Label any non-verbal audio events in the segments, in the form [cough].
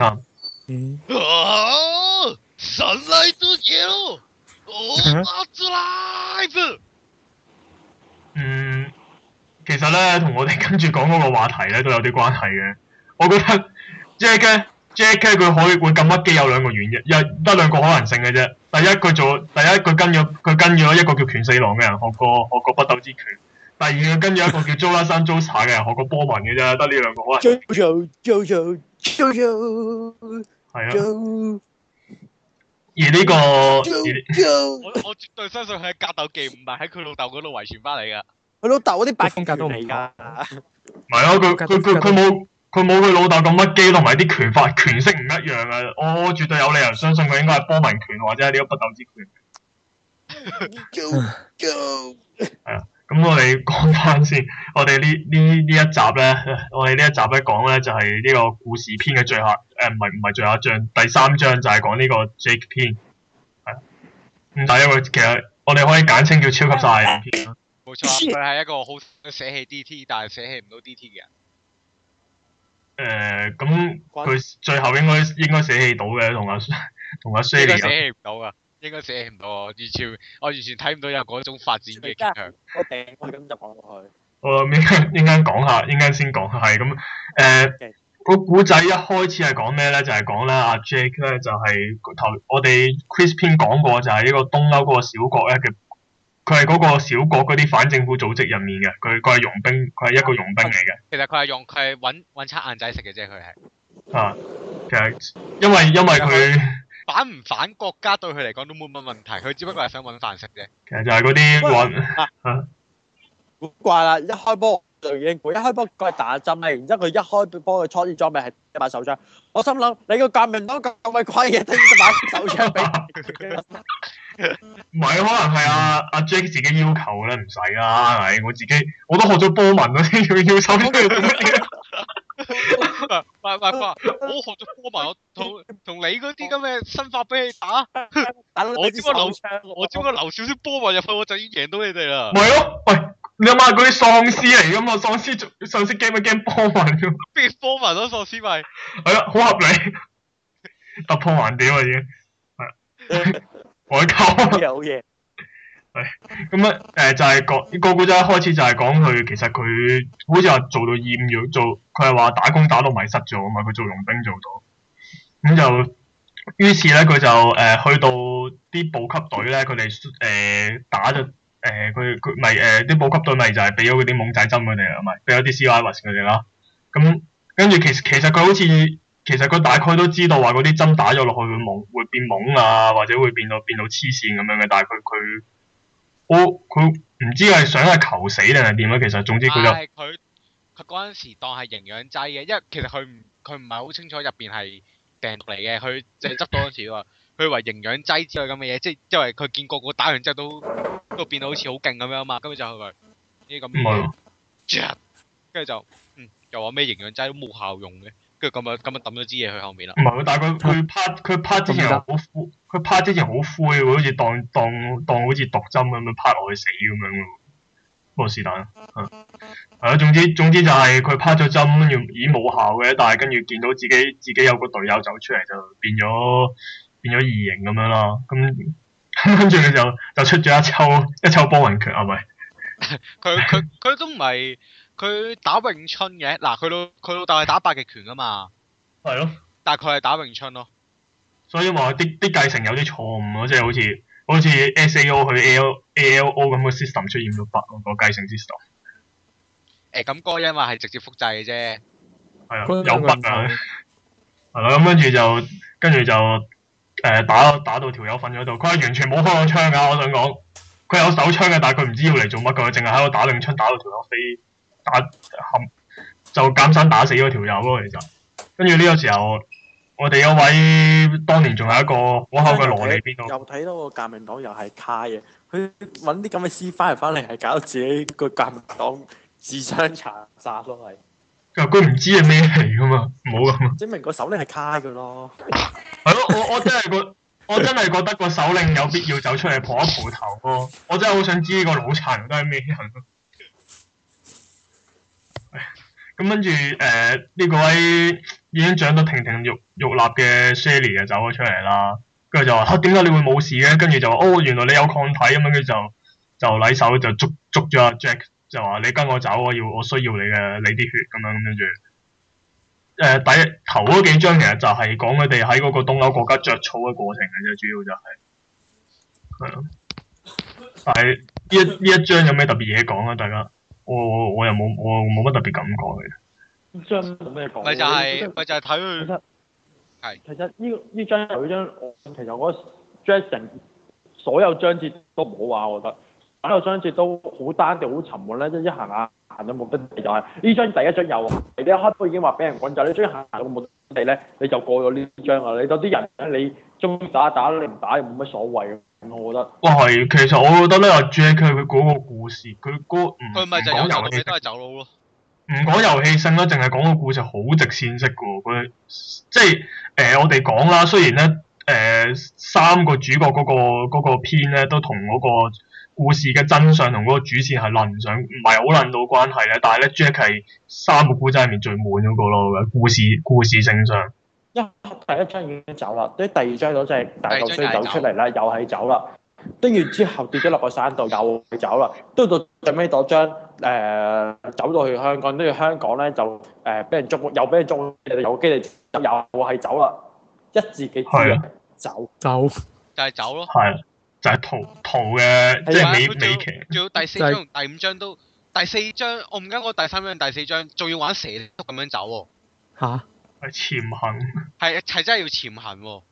三，嗯，三ラ其實咧，同我哋跟住講嗰個話題咧，都有啲關係嘅。我覺得 Jack Jack 佢可以會咁屈機，有兩個原因，一得兩個可能性嘅啫。第一，佢做第一，佢跟咗佢跟咗一個叫拳四郎嘅人學過學過北斗之拳；第二，佢跟住一個叫 Joel 朱拉山朱薩嘅人學過波文嘅啫，得呢兩個。可能。係啊，yes, yes. 而呢、這個我我絕對相信佢係格鬥技，唔係喺佢老豆嗰度遺傳翻嚟噶。佢老豆嗰啲八公格都唔係㗎。唔係啊，佢佢佢冇佢冇佢老豆咁屈機，同埋啲拳法拳式唔一樣啊！我絕對有理由相信佢應該係波文拳或者係呢個北斗之拳。係啊。咁我哋講翻先，我哋呢呢呢一集咧，我哋呢一集咧講咧就係呢個故事篇嘅最後，誒唔係唔係最後一章，第三章就係講呢個 Jake 篇，係。咁但係因為其實我哋可以簡稱叫超級殺人片，冇錯、啊，佢係一個好捨棄 DT，但係捨棄唔到 DT 嘅人。誒、呃，咁佢最後應該應該捨棄到嘅，同阿同阿 Sherry。捨棄唔到㗎，應該寫唔到，完全我完全睇唔到有嗰種發展嘅傾向。我頂、嗯，咁就講落去。我陣陣間講下，陣間先講係咁。誒，呃、Okay. 個古仔一開始係講咩咧？就係講咧阿 Jake c、就、咧、是，就係頭我哋 Chrispin 講過，就係呢個東歐嗰個小國咧嘅。佢係嗰個小國嗰啲反政府組織入面嘅，佢佢係傭兵，佢係一個傭兵嚟嘅。其實佢係用佢係搵搵拆仔食嘅啫，佢係。啊，其實因為因為佢。反唔反國家對佢嚟講都冇乜問題，佢只不過係想揾飯食啫。其實就係嗰啲揾。啊！古怪啦，一開波就已經古怪，一開波佢打針咧，然之後佢一開波佢裝啲裝備係一把手槍，我心諗你個革命黨咁鬼怪嘅，突然間買手槍俾。唔係， [laughs] 可能係阿阿 Jack 自己要求咧，唔使啦。係、哎、我自己，我都學咗波紋、嗯、啊，要要手。咩、啊？唔 [laughs] 係我學咗波紋，我同同你嗰啲咁嘅身法俾你打，打我只不過流，我只不過流少少波紋入去，我就已經贏到你哋啦。唔係咯，喂，你問嗰啲喪屍嚟噶嘛？喪屍做喪屍驚唔驚波紋？邊個波紋都喪屍咪。係咯，好合理，突破難點啊，已經係。我嘅有嘢，咁啊， [laughs] 誒、呃、就係、是、講個古仔一開始就係講佢其實佢好似話做到厭咗做，佢係話打工打到迷失咗啊嘛，佢做傭兵做到，咁就於是咧佢就誒、呃、去到啲補給隊咧，佢哋誒打咗，誒佢佢咪誒啲補給隊咪就係俾咗嗰啲懵仔針佢哋啊咪俾咗啲 Cyrus 佢哋啦，咁跟住其實其實佢好似～其實佢大概都知道話嗰啲針打咗落去會猛會變猛啊，或者會變到變到黐線咁樣嘅，但係佢佢我佢唔知係想係求死定係點樣？其實總之佢就佢佢嗰陣時當係營養劑嘅，因為其實佢唔佢唔係好清楚入邊係病毒嚟嘅，佢淨係執多嗰陣時話，佢 [laughs] 以為營養劑之類咁嘅嘢，即係因為佢見個個打完之後都都變到好似好勁咁樣啊嘛，跟住就佢呢啲咁樣，跟住、啊、 [laughs] 就嗯又話咩營養劑都冇效用嘅。跟住咁樣咁樣抌咗支嘢去後面啦。唔係佢，但係佢佢拍佢拍之前好灰，佢拍之前好灰喎，好似當當當好似毒針咁樣拍落去死咁樣咯。我是但，嗯、啊，啊，總之總之就係佢拍咗針，要已經冇效嘅，但係跟住見到自己自己有個隊友走出嚟、啊，就變咗變咗異形咁樣咯。咁跟住佢就就出咗一抽一抽波雲拳係咪？唔係，佢佢佢都唔係。 [laughs] 佢打詠春嘅，嗱佢老佢老豆係打八極拳噶嘛，係咯的，但係佢係打詠春咯，所以話啲啲繼承有啲錯誤咯，即係好似好似 S A O 去 AL, A AL O A L O 咁嘅 system 出現咗 bug 咯，那個繼承 system，誒咁、欸、哥因話係直接複製嘅啫，係啊的有 bug 啊，係咯，咁跟住就跟住就誒、呃、打打到條友瞓咗度，佢係完全冇開過槍噶，我想講，佢有手槍嘅，但係佢唔知要嚟做乜，佢淨係喺度打詠春，打到條友飛。打就艱辛打死嗰條友咯，其實跟住呢個時候，我哋有位當年仲有一個好厚嘅羅嘅邊個，又睇到個革命黨又係卡嘅，佢揾啲咁嘅師翻嚟翻嚟係搞到自己個革命黨自相殘殺咯，係佢唔知係咩嚟噶嘛，冇咁證明個首領係卡嘅咯，係咯，我我真係覺我真係覺得個首領有必要走出嚟抱一抱頭咯，我真係好想知呢個腦殘都係咩人。咁跟住，誒、呃、呢、這個位已經長到亭亭玉玉立嘅 Shirley 就走咗出嚟啦、啊。跟住就話：嚇點解你會冇事嘅？跟住就：哦，原來你有抗體咁樣。跟住就就攬手就捉捉咗阿、啊、Jack，就話：你跟我走我要我需要你嘅你啲血咁樣。跟住誒、呃，第一頭嗰幾張其實就係講佢哋喺嗰個東歐國家着草嘅過程嘅啫，主要就係係咯。但係呢一呢一張有咩特別嘢講啊？大家？我又冇我冇乜特別感覺嘅，呢張冇咩講。咪就係、是、咪就係睇佢，其實係其實呢呢張佢張，其實我覺得 Jason 所有章節都唔好話，我覺得所有章節都好單調、好沉悶咧，即一行一行，一行都冇得地就係呢張第一張，又你呢一刻都已經話俾人趕走，你再行行都冇得地咧，你就過咗呢張啦。你到啲人咧，你中打打，你唔打又冇乜所謂。我覺得，哇係，其實我覺得咧，Jack 佢嗰個故事，佢嗰唔唔講遊戲都係走佬咯，唔講遊戲性啦，淨係講個故事好直線式噶，佢即係誒、呃、我哋講啦，雖然咧誒、呃、三個主角嗰、那個嗰、那個篇咧都同嗰個故事嘅真相同嗰個主線係論上，唔係好論到關係咧，但係咧 Jack 係三個古仔入面最滿嗰個咯，故事故事性上。第一張已經走啦，啲第二張到即係大頭先走出嚟啦，又係走啦。跟住之後跌咗落個山度，又走啦。到到最尾嗰張、呃、走到去香港，跟住香港咧就誒俾、呃、人捉，又俾人捉，有機地又係走啦，一至幾張走、啊、走就係走咯，係就係逃逃嘅即係尾尾期。仲有第四張、第五張都、就係、第四張，我唔記得嗰第三張、第四張仲要玩蛇都咁樣走喎、啊。嚇、啊！係潛行，係係真係要潛行喎、哦。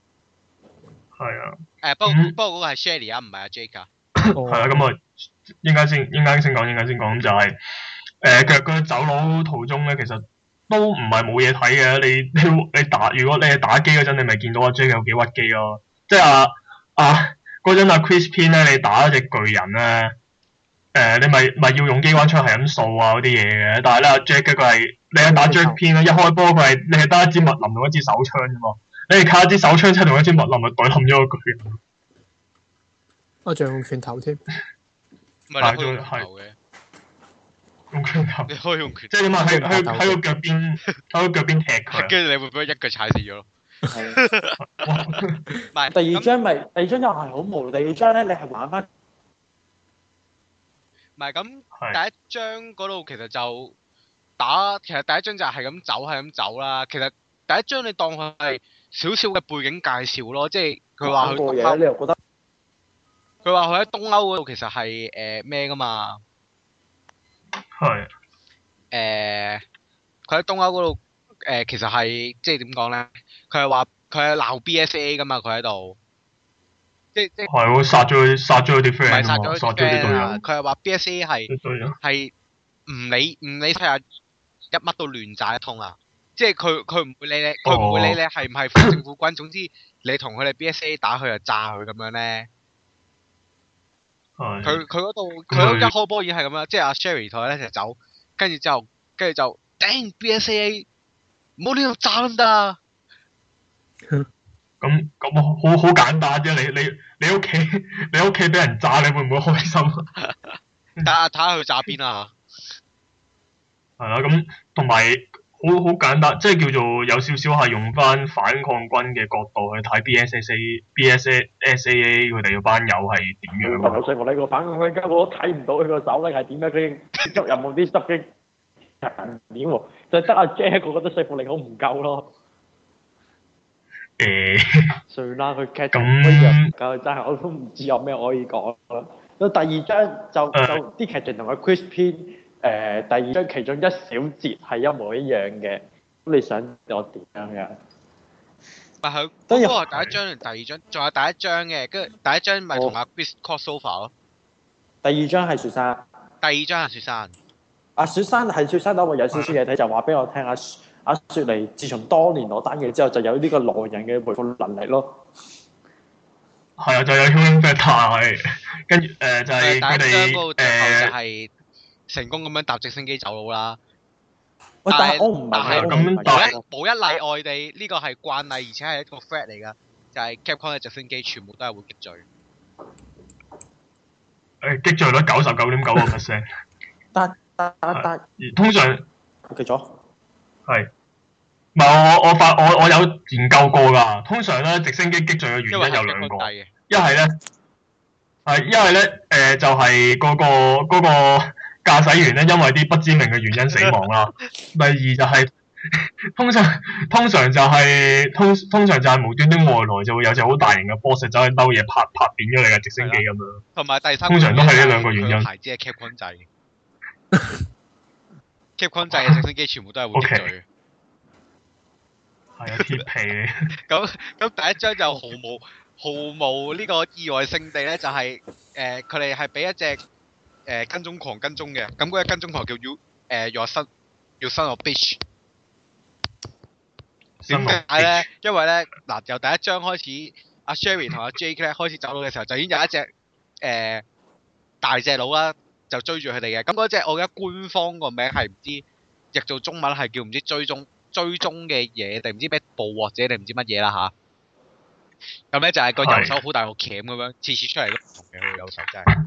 係啊。誒、嗯啊，不過不過嗰個係 Shirley 啊，唔係阿 Jake 啊。係 [laughs] 啊，咁啊，依家先，依家先講，依家先講，咁就係、是、誒、呃，腳腳走佬途中咧，其實都唔係冇嘢睇嘅。你你你打，如果你係打機嗰陣，你咪見到阿、啊、Jake 有幾屈機咯、啊。即係阿阿嗰陣阿 Chris Pin 咧，你打一隻巨人咧。誒、呃，你咪咪要用機關槍係咁掃啊嗰啲嘢嘅，但係咧、啊、Jack 佢係你係打 Jack 片咯，一開波佢係你係得一支麥林同一支手槍啫嘛，你係靠一支手槍出同一支麥林咪袋冚咗佢。我仲用拳頭添，唔係用拳頭嘅，用拳頭，你可以用拳，即係起碼喺喺喺個腳邊，喺個腳邊踢佢，跟住 [laughs] 你會俾一腳踩死咗咯。 [laughs] [laughs] 第二張咪第二張又係好無，第二張咧你係玩翻。唔係咁，第一張嗰度其實就打，其實第一張就係咁走，係咁走啦。其實第一張你當佢係少少嘅背景介紹咯，即係佢話去東歐，你又覺得佢話佢喺東歐嗰度其實係誒咩噶嘛？係誒，佢喺東歐嗰度誒，其實係即係點講咧？佢係話佢係鬧 BSA 噶嘛，佢喺度。即即係我殺咗佢，殺咗佢啲 friend 啊嘛，殺咗佢啲隊友，啊。佢係話 B S A 係係唔理唔理，成日一乜都亂炸一通啊！即係佢佢唔會理你，佢唔、哦、會理你係唔係反政府軍。 [coughs] 總之你同佢哋 B S A 打，佢就炸佢咁樣咧。佢佢嗰度佢一開波已係咁啦，即係阿 Sherry 同佢一齊走，跟住之後跟住就頂 B SA, S A 冇理由炸你噶。 [coughs] 咁咁好好簡單啫，你你你屋企你屋企俾人炸，你會唔會開心？睇下睇下佢炸邊啦吓。係啦，咁同埋好好簡單，即係叫做有少少係用翻反抗軍嘅角度去睇 B.S.S.B.S.S.A.A. 佢哋班友係點樣啊？班友說服呢個反抗軍而家我都睇唔到佢個手拎係點啊！佢執入冇啲濕經，難免喎，就得阿 Jack 個覺得說服力好唔夠咯。誒， [noise] 嗯嗯、算啦，佢劇情、嗯、可以有唔夠，真係我都唔知有咩可以講咯。咁第二章就就啲劇、嗯、情同阿 Chris p 誒、呃，第二章其中一小節係一模一樣嘅。咁你想我點樣樣？唔係都係第一章第二章，仲有第一章嘅，跟住第一章咪同阿 Chris c o s o、so、f a r 咯。第二章係雪山。第二章係雪山。阿雪山係雪山，等我有少少嘢睇，就話俾我聽阿。阿雪嚟，自從多年攞單嘅之後，就有呢個耐人嘅回覆能力咯。係啊，就有啲咩態。跟住誒，就係佢哋誒，係成功咁樣搭直升機走佬啦。但係我唔係咁，但係冇一例外地呢個係慣例，而且係一個 fact 嚟㗎。就係 Capcom 嘅直升機全部都係會擊墜。誒，擊墜率九十九點九個 percent。但但但通常擊咗係。唔係我我我發我我有研究過㗎。通常咧直升機擊墜嘅原因有兩個，一係咧，係一係咧，誒、呃、就係、是、嗰、那個嗰、那個駕駛員咧，因為啲不知名嘅原因死亡啦。第二 [laughs] 就係、是、通常通常就係、是、通通常就係、是、無端端外來就會有隻好大型嘅 boss 走去兜嘢拍 [laughs] 拍，拍扁咗你嘅直升機咁樣。同埋第三，通常都係呢兩個原因。原因牌子係 Captain 製 Captain 製嘅直升機全部都係會墜 [laughs] 係啊，貼皮咁咁第一張就毫無毫無呢個意外性地咧，就係誒佢哋係俾一隻誒、呃、跟蹤狂跟蹤嘅。咁嗰隻跟蹤狂叫 U you，誒、呃、Your, son, Your son s o n Your s o son of Bitch，點解咧？因為咧嗱、呃，由第一張開始，阿、啊、Sherry 同阿、啊、Jake 咧開始走佬嘅時候， [laughs] 就已經有一隻誒、呃、大隻佬啦，就追住佢哋嘅。咁嗰隻我而家官方個名係唔知譯做中文係叫唔知追蹤。追蹤嘅嘢定唔知咩捕獲者定唔知乜嘢啦嚇，咁咧就係個右手好大個鉗咁樣，次次出嚟都唔同嘅個右手真係。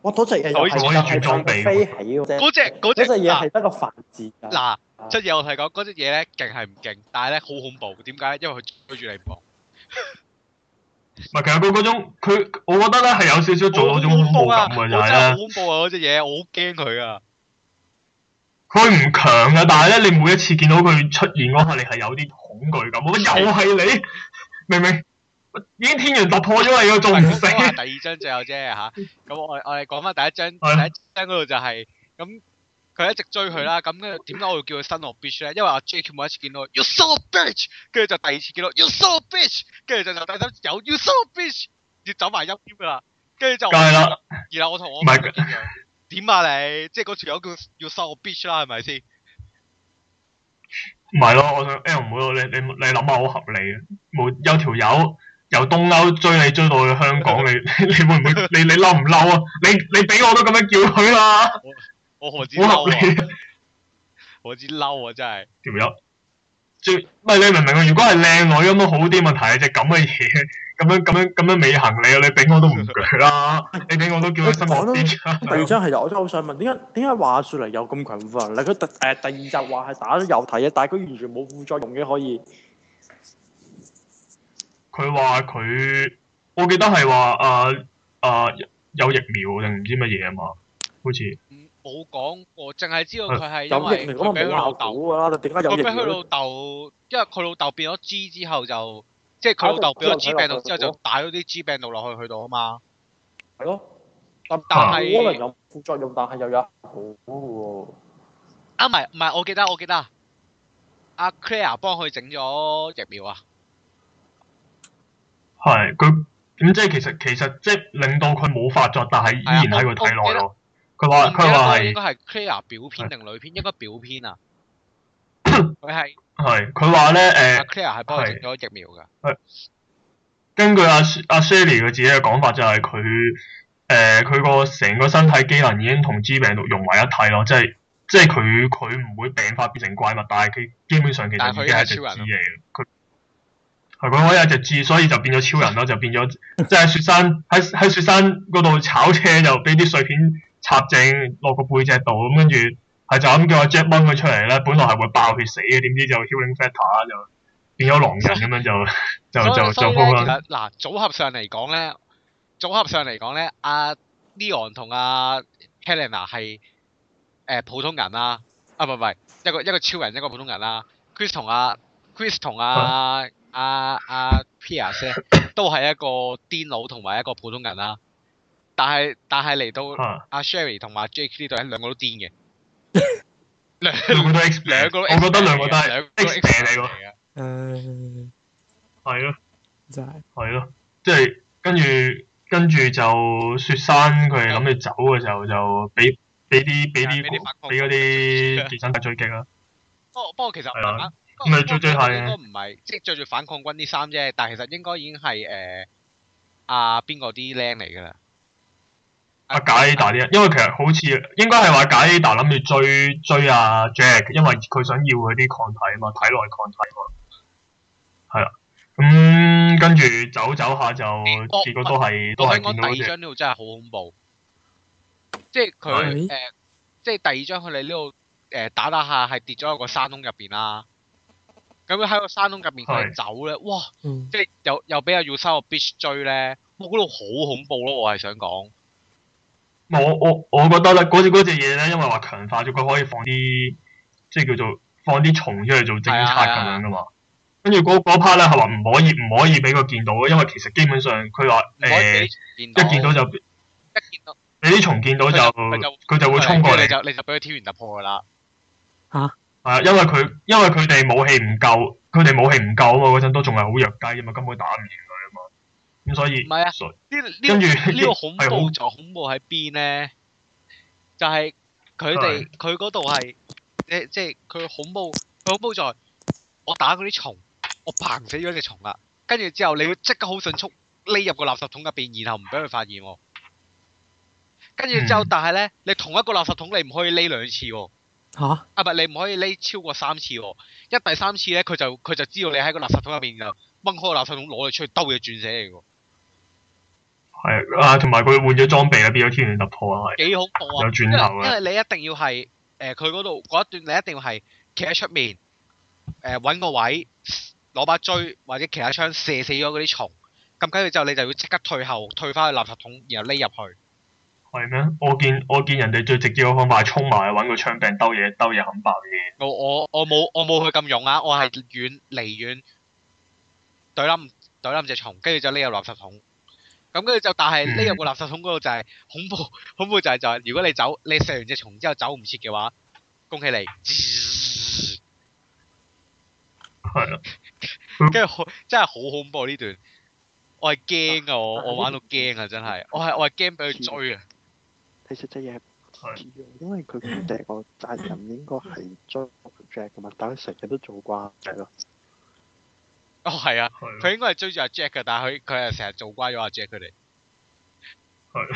我嗰隻係攞住裝備。嗰隻嗰隻嘢係得個繁殖。嗱，即係我同你講，嗰隻嘢咧勁係唔勁，但係咧好恐怖。點解？因為佢追住你捕。唔係，其實佢嗰種，佢我覺得咧係有少少做咗種恐怖感嘅，真係好恐怖啊！嗰隻嘢，我好驚佢啊！佢唔強呀，但係咧，你每一次見到佢出現嗰刻，你係有啲恐懼感。我又係你，明唔明？已經天元突破咗啦，又做唔死。第二張就有啫，吓。咁我我哋講翻第一張， [laughs] 第一張嗰度就係、是、咁，佢一直追佢啦。咁點解我會叫佢新郎 bitch 咧？因為阿 Jackie 每一次見到 you saw bitch，跟住就第二次見到 you saw bitch，跟住就就第三又 you saw bitch，要走埋音噶啦。跟住就。梗係啦。而家我同我。點啊你，即係嗰條友叫要收我 bitch 啦，係咪先？唔係咯，我想 L 唔好，你你你諗下好合理啊！冇有條友由東歐追你追到去香港，你你會唔會你你嬲唔嬲啊？你你俾我都咁樣叫佢啦，我何止嬲啊！我何止嬲啊，真係條友。即係你明唔明啊？如果係靚女咁都好啲問題啊！只咁嘅嘢，咁樣咁樣咁樣尾行你啊！你俾我都唔攰啦，你俾我都叫佢收我，我 [laughs] 第二張係我都好想問，點解點解話説嚟有咁強化？嗱佢第誒第二集話係打咗油體嘅，但係佢完全冇副作用嘅可以。佢話佢，我記得係話誒誒有疫苗定唔知乜嘢啊嘛？好似。冇講過，淨係知道佢係因為俾佢老豆啊！定家有疫苗？俾佢老豆，因為佢老豆變咗 G 之後就，即係佢老豆變咗 G 病毒之後就打咗啲 G 病毒落去去到啊嘛。係咯的，但但係可能有副作用，但係又有好喎。啊，唔係唔係，我記得我記得啊，阿 Claire 幫佢整咗疫苗啊。係，佢咁即係其實其實，其實即係令到佢冇發作，但係依然喺佢體內咯。佢話佢話係 clear 表片定裏片，是應該表片啊。佢係係佢話咧誒，clear 係幫我整咗疫苗噶。根據阿、啊、阿、啊、Sherry 佢自己嘅講法、就係，就係佢誒，佢個成個身體機能已經同豬病毒融為一體咯，即係即係佢佢唔會病化變成怪物，但係佢基本上其實已經係隻豬嚟嘅。佢係佢開一隻豬，隻 G，所以就變咗超人咯， [laughs] 就變咗即係雪山喺喺雪山嗰度炒車，就俾啲碎片。插正落個背脊度，咁跟住係就咁叫阿 Jet 掹佢出嚟咧。本來係會爆血死嘅，點知就 Healing Factor 就變咗狼人咁樣就 [laughs] [laughs] 就就就咁樣。嗱， [laughs] 組合上嚟講咧，組合上嚟講咧，阿、啊、Leon 同阿、啊、Helena 係誒、呃、普通人啦、啊。啊，唔係唔係一個一個超人，一個普通人啦、啊。Chris 同阿 Chris 同阿阿阿 Piers 都係一個癲佬同埋一個普通人啦、啊。但係但係嚟到阿 Sherry 同埋 Jackie 呢對，兩個都癲嘅，兩個都，兩個我覺得兩個都係兩個 X 蛇嚟嘅。誒，係咯，就係係咯，即係跟住跟住就雪山佢哋諗住走嘅時候，就俾俾啲俾啲俾啲直升機追擊啦。不過不過其實咁咪最追下嘅，應該唔係即係着住反抗軍啲衫啫，但係其實應該已經係誒阿邊個啲靚嚟噶啦阿 Greta 啲，因為其實好似應該係話 Greta 諗住追追阿、啊、Jack，因為佢想要嗰啲抗體啊嘛，體內抗體啊嘛，係、嗯欸、啊，咁跟住走走下就結果都係都係。第二張呢度真係好恐怖，欸、即係佢誒，即係第二張佢哋呢度誒打打下係跌咗一個山窿入邊啦。咁佢喺個山窿入邊佢哋走咧，欸、哇！嗯、即係又又俾阿 Usha 個 Bitch 追咧，我覺得好恐怖咯。我係想講。我我我覺得咧，嗰隻嗰隻嘢咧，因為話強化咗佢可以放啲，即係叫做放啲蟲出嚟做偵察咁樣噶嘛。跟住嗰 part 咧係話唔可以唔可以俾佢見到嘅，因為其實基本上佢話誒一見到就一見到你啲蟲見到就佢就,就,就會衝過嚟，你就你俾佢挑完突破噶啦嚇。係啊蛤，因為佢因為佢哋武器唔夠，佢哋武器唔夠啊嘛，嗰陣都仲係好弱雞啊嘛，根本打唔贏佢。所以唔係啊，呢呢呢個恐怖就恐，恐怖喺邊咧？就係佢哋佢嗰度係誒即係佢恐怖佢恐怖在我打嗰啲蟲，我掹死咗隻蟲啦。跟住之，之後，你會即刻好迅速匿入個垃圾桶入邊，然後唔俾佢發現我。跟住之後，但係咧，你同一個垃圾桶你唔可以匿兩次喎、哦。嚇、啊！啊唔係你唔可以匿超過三次喎、哦。一第三次咧，佢就佢就知道你喺個垃圾桶入邊就掹開個垃圾桶攞你出去兜嘢轉死你喎。係啊，同埋佢換咗裝備啊，變咗天元突破啊，係幾恐怖啊！轉頭啊！因為你一定要係誒，佢嗰度嗰一段，你一定要係企喺出面，誒，搵個位攞把錐或者其他槍射死咗嗰啲蟲，咁跟住之後你就要即刻退後，退翻去垃圾桶，然後匿入去。係咩？我見我見人哋最直接嘅方法係衝埋去搵個槍柄兜嘢兜嘢，冚爆嘢。我我我冇我冇佢咁勇啊！我係遠離遠懟冧懟冧隻蟲，跟住就匿入垃圾桶。咁跟住就，但係呢個垃圾桶嗰度就係恐怖，恐怖就係就係，如果你走，你食完隻蟲之後走唔切嘅話，恭喜你，係啊，跟住好，真係好恐怖呢段，我係驚啊，我我玩到驚啊，真係，我係我係驚俾佢追啊，其實隻嘢係，因為佢佢哋個責任應該係 Jack Jack 同埋蛋成日都做關係咯。哦，係啊，佢、啊、應該係追住阿 Jack 噶，但係佢佢係成日做乖咗阿 Jack 佢哋、啊。係，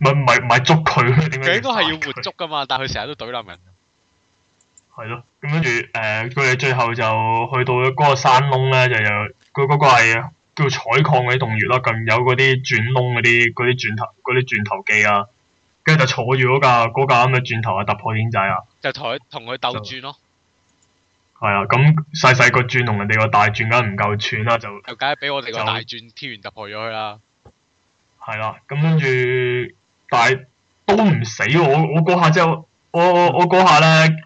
咪咪咪捉佢？佢應該係要，要活捉噶嘛，但係佢成日都懟冧人、啊。係咯，咁跟住，誒，佢哋最後就去到嗰個山窿咧，就有佢嗰、嗰個係叫做採礦嗰啲洞穴啦，更有嗰啲鑽窿嗰啲嗰啲鑽頭啲鑽頭機啊，跟住就坐住嗰架嗰架咁嘅鑽頭啊，突破天仔啊！鬥轉就同佢同佢鬥轉咯。係啊，咁細細個轉同人哋個大轉梗唔夠串啦，就就梗俾我哋個大轉天然突破咗去啦。係啦，跟住但係都唔死我，我嗰下之後我我我嗰下咧，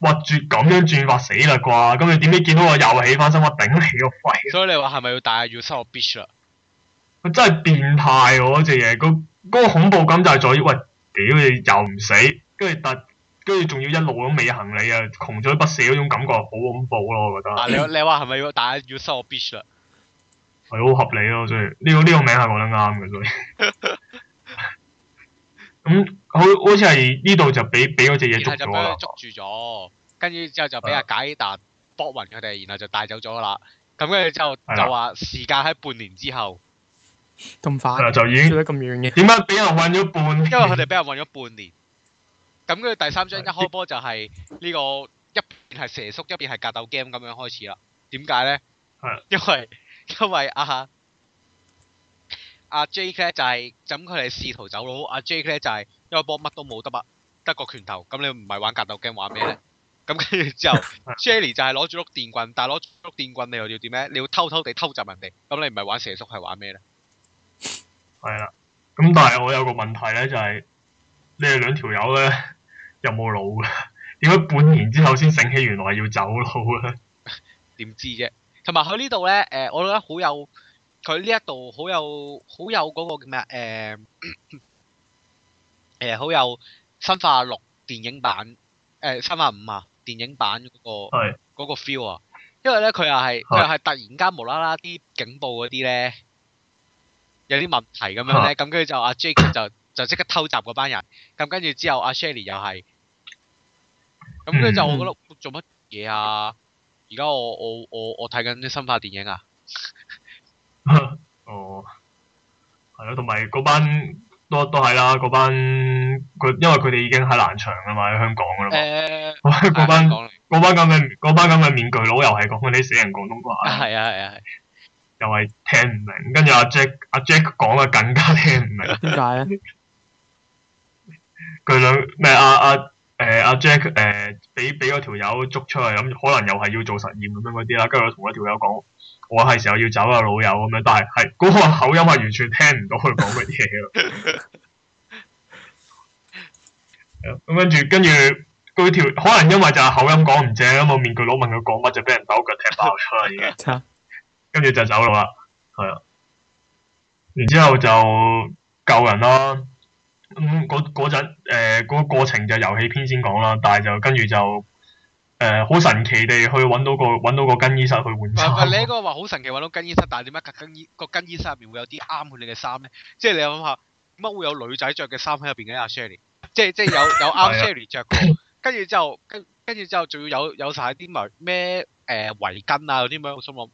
哇轉咁樣轉，話死啦啩，咁你點解見到我又起翻身，我頂你個肺！所以你話係咪要大要收我 bitch 啦？真係變態我嗰隻嘢，嗰、嗰個嗰個嗰個恐怖感就係在於喂，屌你又唔死，跟住突。跟住仲要一路都未行李，你啊窮追不捨嗰種感覺好恐怖咯！我覺得。啊，你你話係咪要大家要收我 Bitch 啦？係好合理咯，所以呢、呢個呢、呢個名係我覺得啱嘅。所以咁 [laughs] [laughs] 好好似係呢度就俾俾嗰隻嘢捉住咗，跟住之後就俾阿解達搏暈佢哋，然後就帶走咗啦。咁跟住之後就話時間喺半年之後咁快，就已經去得咁遠嘅。點解俾人暈咗半？因為佢哋俾人暈咗半年。咁跟住第三張一開波就係呢個一邊係蛇叔一邊係格鬥 game 咁樣開始啦。點解咧？係因為因為阿阿 Jack 就係咁，佢哋試圖走佬。阿 Jack 就係一開波乜都冇得乜，得個拳頭。咁你唔係玩格鬥 game 玩咩咧？咁跟住之後 Jenny 就係攞住碌電棍，但係攞住碌電棍你又要點咧？你要偷偷地偷襲人哋。咁你唔係玩蛇叔係玩咩咧？係啦。咁但係我有個問題咧，就係你哋兩條友咧。有冇腦嘅？點解半年之後先醒起原來要走佬啊？點知啫？同埋佢呢度咧，誒、呃，我覺得好有佢呢一度好有好有嗰個叫咩啊？誒，誒，好有《生、呃呃、化六》電影版誒，呃《生化五》啊，電影版嗰、嗰個，嗰是個 feel 啊！因為咧，佢又係佢又係突然間無啦啦啲警報嗰啲咧，有啲問題咁樣咧，咁跟住就阿 Jack 就。是啊就即刻偷襲嗰班人，咁跟住之後，阿 Shelly 又係，咁跟住就我覺得、嗯、做乜嘢啊？而家我我我我睇緊啲新拍電影啊！哦、 [laughs] 啊，係咯，同埋嗰班都都係啦，嗰班佢因為佢哋已經喺難場噶嘛，喺、呃、 [laughs] 班香港噶啦嗰班嗰班咁嘅班咁嘅面具佬又係講嗰啲死人廣東話，係啊係啊係，又係、啊、聽唔明，跟住阿 Jack 阿、啊、Jack 講得更加聽唔明， [laughs] 點解咧？佢兩咩啊啊誒阿、啊、Jack 誒俾俾嗰條友捉出去，咁，可能又係要做實驗咁樣嗰啲啦。跟住同嗰條友講，我係時候要走啊老友咁樣，但係係嗰個口音係完全聽唔到佢講乜嘢，咁跟住跟住嗰條可能因為就係口音講唔正吖嘛。面具佬問佢講乜就俾人兜腳踢爆出嚟嘅。跟住就走啦，係啊。然之後就救人咯。咁嗰嗰陣，嗰、嗯呃嗰個過程就遊戲篇先講啦，但係就跟住就誒好、呃、神奇地去揾到個到個更衣室去換。唔係唔係，你應該話好神奇揾到更衣室，但係點解更衣個更衣室入面會有啲啱佢哋嘅衫咧？即、就、係、是、你諗下，點解會有女仔着嘅衫喺入邊嘅？阿 Shirley 即係即係有有啱 Shirley 着嘅，跟住之後跟跟住之後仲要有、呃啊、有曬啲咪咩誒圍巾啊嗰啲咩？我想問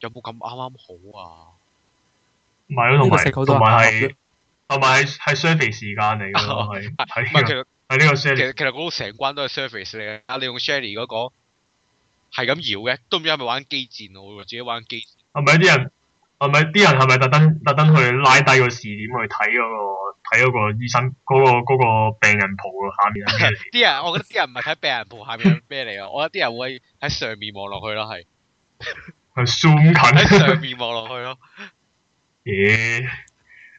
有冇咁啱啱好啊？唔係同埋同埋係。啊咪係 service 時間嚟嘅，係喺呢個，個 service，其實其實嗰度成關都係 service 嚟嘅。啊，你用 Sherry 嗰個係咁搖嘅，都唔知係咪玩機戰，我自己玩機。係咪啲人是是？係咪啲人？係咪特登特登去拉低個視點去睇嗰、嗰個睇個醫生嗰、嗰個、嗰個病人簿下面啲 [laughs] 人，我覺得啲人唔係喺病人簿下面咩嚟啊！ [laughs] 我覺得啲人會喺上面望落去咯，係。係 zoom 近喺上面望落去咯。耶 [laughs] ！Yeah.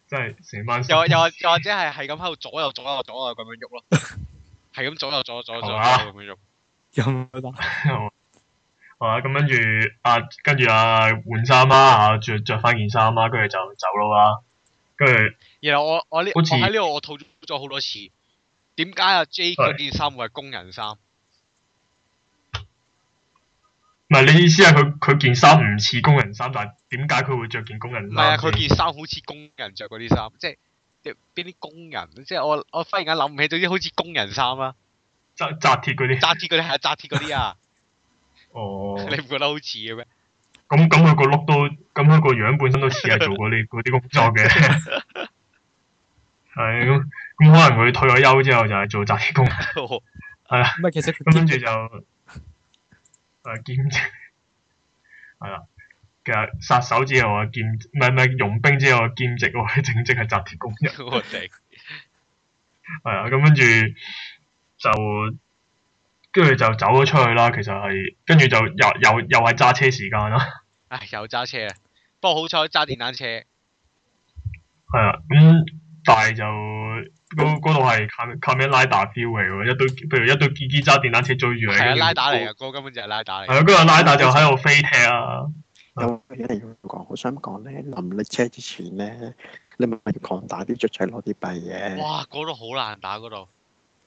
即係成班，又又又或者係係咁喺度左右左右左右咁樣喐咯，係咁 [laughs] 左右左右左右左咁、啊、樣喐。有冇得？好啊，咁跟住啊，跟住啊，換衫啦、啊，着著翻件衫啦，跟住就走啦，跟住。然後我我呢像我喺呢度我吐咗好多次，點解阿 J 嗰件衫會係工人衫？唔係，你意思係佢佢件衫唔似工人衫，但點解佢會着件工人衫？係啊，佢件衫好似工人着嗰啲衫，即係邊啲工人？即係我我忽然間諗唔起，總之好似工人衫啊，扎紮鐵嗰啲。紮鐵嗰啲係紮鐵嗰啲啊！哦，你唔覺得好似嘅咩？咁咁佢個碌都，咁佢個樣本身都似係做過啲啲工作嘅。係咁，咁可能佢退咗休之後就係做紮鐵工人。係啦。唔係其實。跟住就。誒，兼職係啦，其實殺手之後啊，兼，唔係唔係傭兵之後啊，兼職，我係正職係紮鐵工人。我哋係啊，咁跟住就跟住就走咗出去啦。其實係跟住就又又又係揸車時間啦。唉、哎，又揸車啊！不過好彩揸電單車。係啊，咁、嗯、但係就。嗰度係靠靠咩拉打 feel 嚟喎，一堆，譬如一堆機機揸電單車追住你、那個，係、啊、拉打嚟啊，嗰根本就係拉打嚟。係啊，嗰個拉打就喺度飛踢啊！嗯、有一定要咁講，好想講咧，淋力車之前咧，你咪狂打啲雀仔攞啲幣嘅。哇！嗰度好難打嗰度，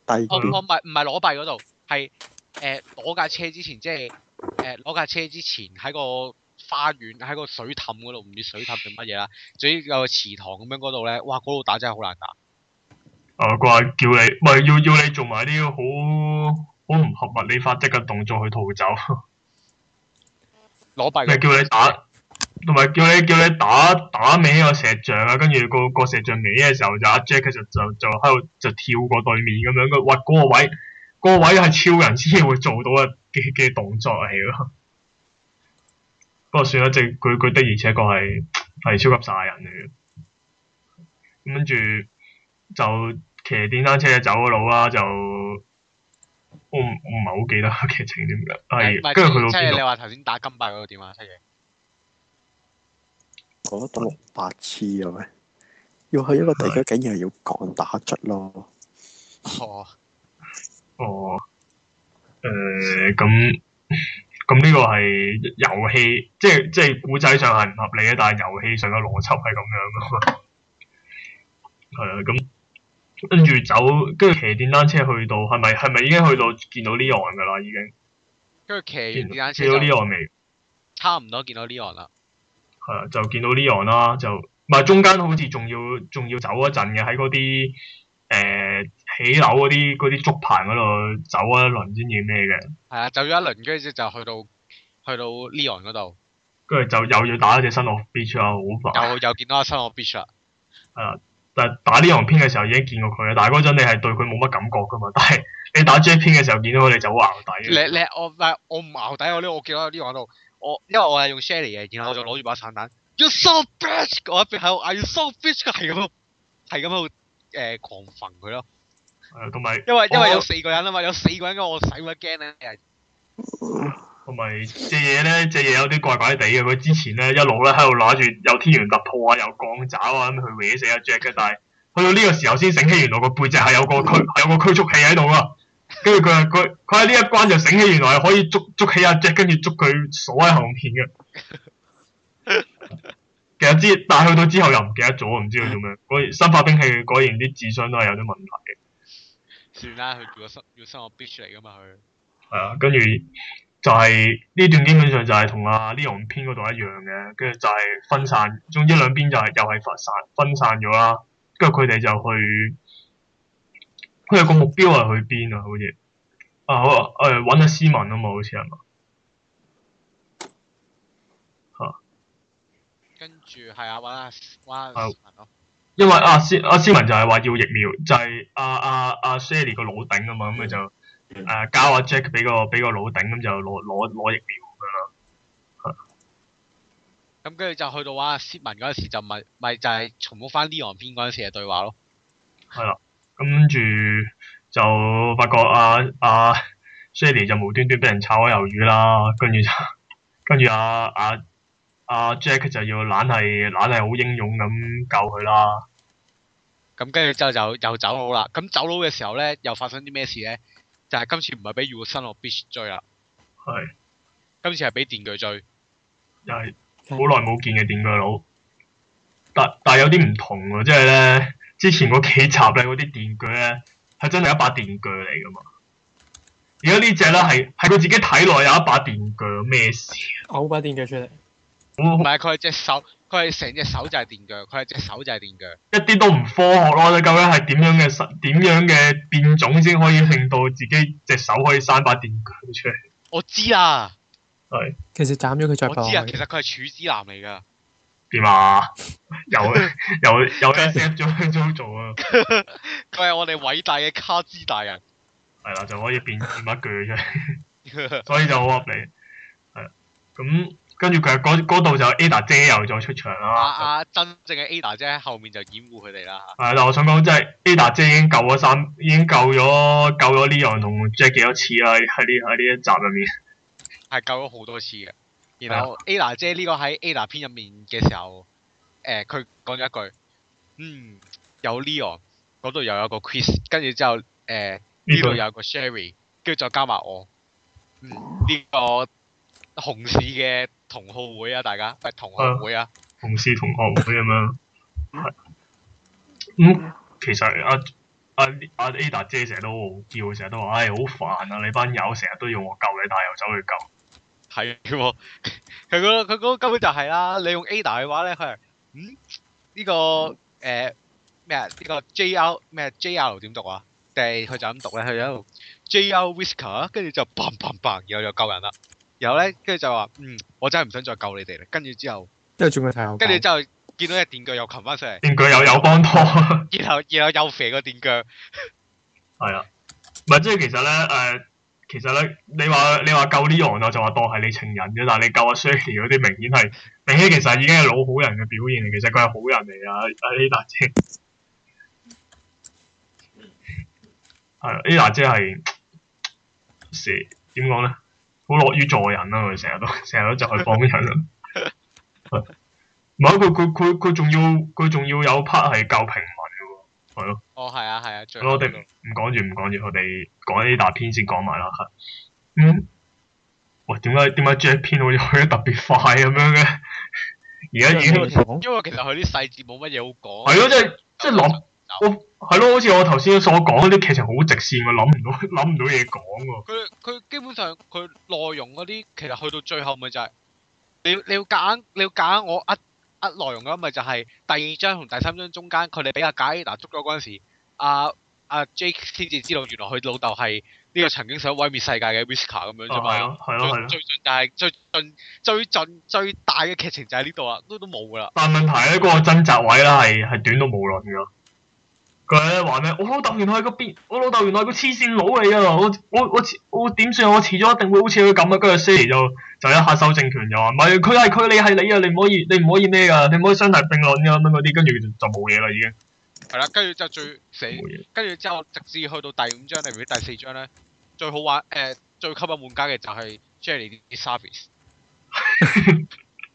我我唔係唔係攞幣嗰度，係誒攞架車之前，即係誒攞架車之前喺個花園喺個水凼嗰度，唔知水凼定乜嘢啦？仲有個池塘咁樣嗰度咧，哇！嗰度打真係好難打。誒，佢話、呃、叫你，唔、呃、係要要你做埋啲好好唔合物理法則嘅動作去逃走，攞幣，係叫你打，同埋叫你叫你打打歪、那個那個石像啊，跟住個個石像歪嘅時候就阿、啊、Jack 其實就就喺度就，就跳過對面咁樣，佢話嗰個位，嗰、那個位係超人先至會做到嘅嘅動作嚟咯。不過算啦，即係佢佢的而且確係係超級賽人嚟嘅，跟住就。騎電單車走咗佬啦，就我唔唔係好記得劇情點樣，係跟住佢到邊度？你話頭先打金伯嗰個電話出嘅，我得 [music] 六百次嘅咩、欸？要去一個地區，竟然係要講打卒咯？哦，誒， [music] 咁咁呢個係遊戲，即係即係古仔上係唔合理嘅，但係遊戲上嘅邏輯係咁樣噶係啊，咁、嗯。嗯嗯跟住走，跟住騎電單車去到，係咪係咪已經去到見到 Leon 噶啦？已經。跟住騎電單車。見到 Leon 未？差唔多見到 Leon 啦。係啊，就見到 Leon 啦，就唔係中間好似仲要仲要走一陣嘅，喺嗰啲誒起樓嗰啲啲竹棚嗰度走一輪先至咩嘅。係啊，走咗一輪，跟住就去到去到 Leon 嗰度。跟住就又要打一隻新落 beach 啊，好煩。又又見到一隻新落 beach 啦。係啊。打呢行片嘅時候已經見過佢啦，但係嗰陣你係對佢冇乜感覺㗎嘛，但係你打 J 片嘅時候見到佢你就好淆底。你你我唔係我唔淆底，我呢我見到呢個畫度，我，我因為我係用 s h a r y 嚟嘅，然後我就攞住把散彈 you,、so、，You so bitch！我一邊喺度 e You so bitch！係咁，係咁喺度狂焚佢咯。同埋因為因為，我因為有四個人啊嘛，有四個人嘅我使乜驚呢？ [laughs] 同埋隻嘢咧，隻嘢有啲怪怪地嘅。佢之前咧一路咧喺度攞住有天然突破啊，有鋼爪啊咁去搲死阿 j 嘅，但係去到呢個時候先醒起，原來個背脊係有個驅 [laughs] 有個驅逐器喺度啊。跟住佢佢佢喺呢一關就醒起，原來可以捉捉起阿 j 跟住捉佢所喺後面嘅。其實之但係去到之後又唔記得咗，唔知佢做咩。果然新發兵器，果然啲智商都係有啲問題。算啦，佢如咗新要新，我逼出嚟噶嘛佢係啊，跟住。就係、是、呢段基本上就係同阿呢融篇嗰度一樣嘅，跟住就係分散，總之兩邊就係、是、又係分散分散咗啦。跟住佢哋就去，佢有個目標係去邊啊？好似啊好啊，誒揾阿斯文啊嘛、啊啊啊，好似係嘛嚇。跟住係啊，揾阿斯文咯。因為阿、啊、斯阿、啊、斯文就係話要疫苗，就係阿阿阿 Sherry 個腦頂啊嘛，咁佢就。嗯誒，uh, 交阿 Jack 俾個俾個老頂，咁就攞攞攞疫苗咁咯。係、啊，咁跟住就去到阿、啊、斯文嗰時就，就咪咪就係重複翻 Leon 篇嗰時嘅對話咯。係啦、嗯，跟住就發覺阿、啊、阿、啊、Shirley 就無端端俾人炒咗魷魚啦，跟住跟住阿阿阿 Jack 就要懶係懶係好英勇咁救佢啦。咁跟住之後就又走佬啦。咁、嗯、走佬嘅時候咧，又發生啲咩事咧？就係是今次唔係俾雨果新落必追啦，係今次係俾電鋸追，又係好耐冇見嘅電鋸佬，但但係有啲唔同喎，即係咧之前嗰幾集咧嗰啲電鋸咧係真係一把電鋸嚟㗎嘛，而家呢隻咧係係佢自己體內有一把電鋸咩事、啊？攞把電鋸出嚟，唔係佢隻手。佢係成隻手就係電鋸，佢係隻手就係電鋸，一啲都唔科學咯！究竟係點樣嘅點樣嘅變種先可以令到自己隻手可以生把電鋸出嚟？我知啦、啊，係其實斬咗佢再我知啊，其實佢係柱子男嚟噶。點啊？ [laughs] 有有有 set 咗香糟做啊！佢係 [laughs] 我哋偉大嘅卡茲大人。係 [laughs] 啦，就可以變電把鋸出嚟， [laughs] 所以就好合理。係啊，咁。跟住佢嗰度就 Ada 姐又再出場啦。阿阿、啊啊、真正嘅 Ada 姐喺後面就掩護佢哋啦。係、啊，但我想講即係、就是、Ada 姐已經救咗三，已經救咗救咗 Leon 同 Jack 幾多次啊？喺呢喺呢一集入面係救咗好多次嘅。然後 Ada 姐呢個喺 Ada 篇入面嘅時候，誒佢講咗一句，嗯，有 Leon 嗰度又有個 Chris，跟住之後誒呢度有個 Sherry，跟住再加埋我，呢、嗯這個紅市嘅。同，啊、同學會啊，大家，係同學會啊，同事同學會咁樣。其實阿阿阿 Ada 姐成日都叫，成日都話，唉，好煩啊！你班友成日都要我救你，但係又走去救、嗯啊去嗯。係、這個呃、啊，佢佢根本就係啦。你用 Ada 嘅話咧，佢嗯呢個誒咩啊？呢個 J R 咩？J R 點讀啊？定係佢就咁讀咧？佢有 J R Whisker，跟住就 bang bang bang，然後就救人啦。然後咧，跟住就話，嗯，我真係唔想再救你哋啦。跟住之後，即係仲要睇跟住之後，見到隻電鋸又擒翻上嚟，電鋸又又幫拖，然後然後又肥個電鋸。係啊，唔係即係其實咧，誒，其實咧、呃，你話你話救 Leon，我就話當係你情人嘅，但係你救阿 Sherry 嗰啲明顯係，明顯其實已經係老好人嘅表現。其實佢係好人嚟啊 Ada 姐係 Ada、嗯、姐係蛇，點講咧？好樂於助人啦，啊，佢成日都成日都就去幫人啦，啊。唔係， [laughs] 佢佢佢佢仲要佢仲要有 part 係教平民嘅喎，係咯，啊。哦，係啊，係啊。咁我哋唔講住，唔講住，我哋講呢大篇先講埋啦。嗯。喂，點解點解最後一 n 好似去得特別快咁樣嘅？而家已家，因為其實佢啲細節冇乜嘢好講。係咯，即係即係落。係咯，好似我頭先所講啲劇情好直線，我諗唔到諗唔到嘢講噶。佢佢基本上佢內容嗰啲，其實去到最後咪就係，你要你要夾硬你要夾硬我一一內容嘅咪就係第二章同第三章中間，佢哋俾阿賈娜捉咗嗰陣時，阿阿 Jake 先至知道原來佢老豆係呢個曾經想毀滅世界嘅 Wesker 咁樣啫嘛。係咯係咯，最最但係最近最近最大嘅劇情就喺呢度啦，都都冇噶啦。但係問題咧，嗰個掙扎位咧係係短到冇耐噶。佢咧話咩？我老豆原來係個變，我老豆原來係個黐線佬嚟噶！我我我我點算？我遲咗一定會好似佢咁啊！跟住 Jenny 就就一下收正權又話唔係佢係佢，你係你啊！你唔可以你唔可以咩噶？你唔可以相提並論咁嗰啲，跟住就冇嘢啦已經。係啦，跟住就最死，跟住之後直至去到第五章裏面第四章咧，最好玩誒、呃、最吸引玩家嘅就係 Jenny 啲 service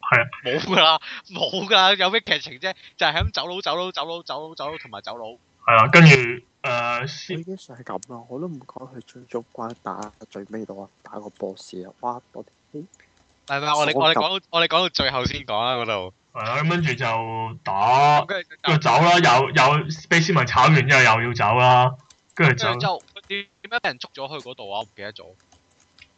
係 [laughs] 是啊，冇噶啦，冇噶啦，有咩劇情啫？就係、是、咁走佬走佬走佬走佬走佬同埋走佬。係啊、嗯，跟住誒，基本上係咁咯，我都唔講佢最終關打最尾度啊，打，打個 Boss 啊，哇，我哋誒，等等所感，我哋我哋講，我哋講到，到最後先講啦嗰度。係啊、嗯，跟住就打，跟住走啦，又又俾斯文炒完，之後又要走啦，跟住就點點樣俾人捉咗去嗰度啊？我唔記得咗。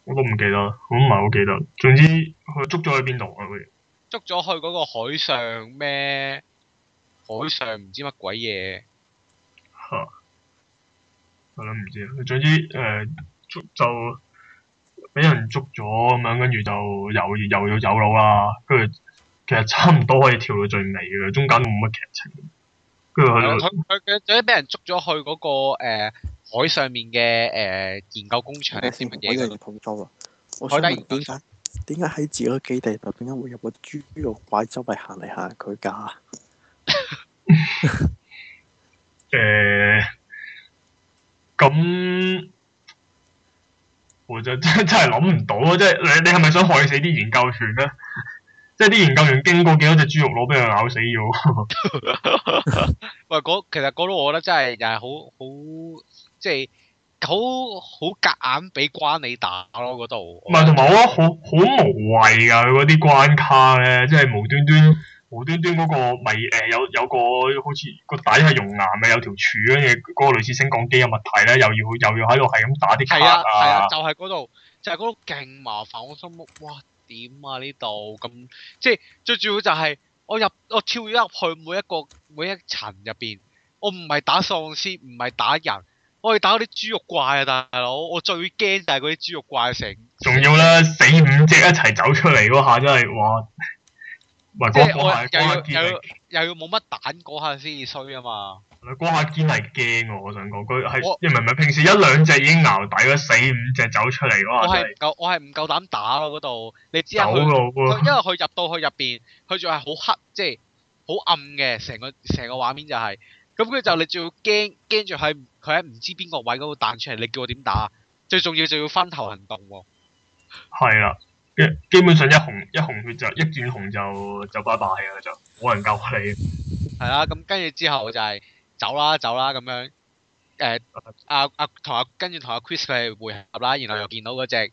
我都唔記得，我都唔係好記得。總之佢捉咗去邊度啊？好似捉咗去嗰個海上咩？海上唔知乜鬼嘢。吓，我諗唔知啊。總之誒、呃，捉就俾人捉咗咁樣，跟住就又又要走佬啦。跟住其實差唔多可以跳到最尾嘅，中間都冇乜劇情。跟住佢佢佢，總之俾人捉咗去嗰、那個誒、呃、海上面嘅誒、呃、研究工廠嘅、嗯、先，唔記得同咗啦。我想問點解點解喺自己基地度，點解會有個豬肉怪周圍行嚟行去噶？ [laughs] [laughs] 誒，咁我就真真係諗唔到咯，即係你你係咪想害死啲研究員咧？即係啲研究員經過幾多隻豬肉佬俾佢咬死咗？ [laughs] [laughs] [laughs] 喂，其實講到我覺得真係又係好好，即係好好夾硬俾關你打咯嗰度。唔係同埋我覺得好好 [laughs] 無謂噶佢啲關卡咧，即係無端端端。無端端嗰個咪誒、呃、有有個好似個底係熔岩嘅，有條柱跟嗰、嗰個類似升降機嘅物體咧，又要又要喺度係咁打啲怪，啊。係啊係啊，就係嗰度，就係嗰度勁麻煩。我心諗，哇點啊呢度咁，即係最主要就係我入我跳咗入去每一個每一層入邊，我唔係打喪屍，唔係打人，我要打啲豬肉怪啊大佬，我最驚就係嗰啲豬肉怪成。仲要咧，死五隻一齊走出嚟嗰下真係哇！唔嗰下，又要又要冇乜彈嗰下先衰啊嘛！嗰下堅係驚我，我想講佢係，唔係唔係，平時一兩隻已經熬底咗四五隻走出嚟嗰、就是、我係唔夠，我係唔夠膽打咯，嗰度。你知啊？因為佢入到去入邊，佢仲係好黑，即係好暗嘅，成個成個畫面就係、是、咁。佢就你仲要驚驚住係佢喺唔知邊個位嗰度彈出嚟，你叫我點打？最重要就要分頭行動。係啦。基本上一紅一紅血就一轉紅就就拜拜啦，就冇人救你。係啦、啊，咁跟住之後就係、是、走啦走啦咁樣。誒、呃，阿阿同阿跟住同阿 Chris 佢係會合啦，然後又見到嗰隻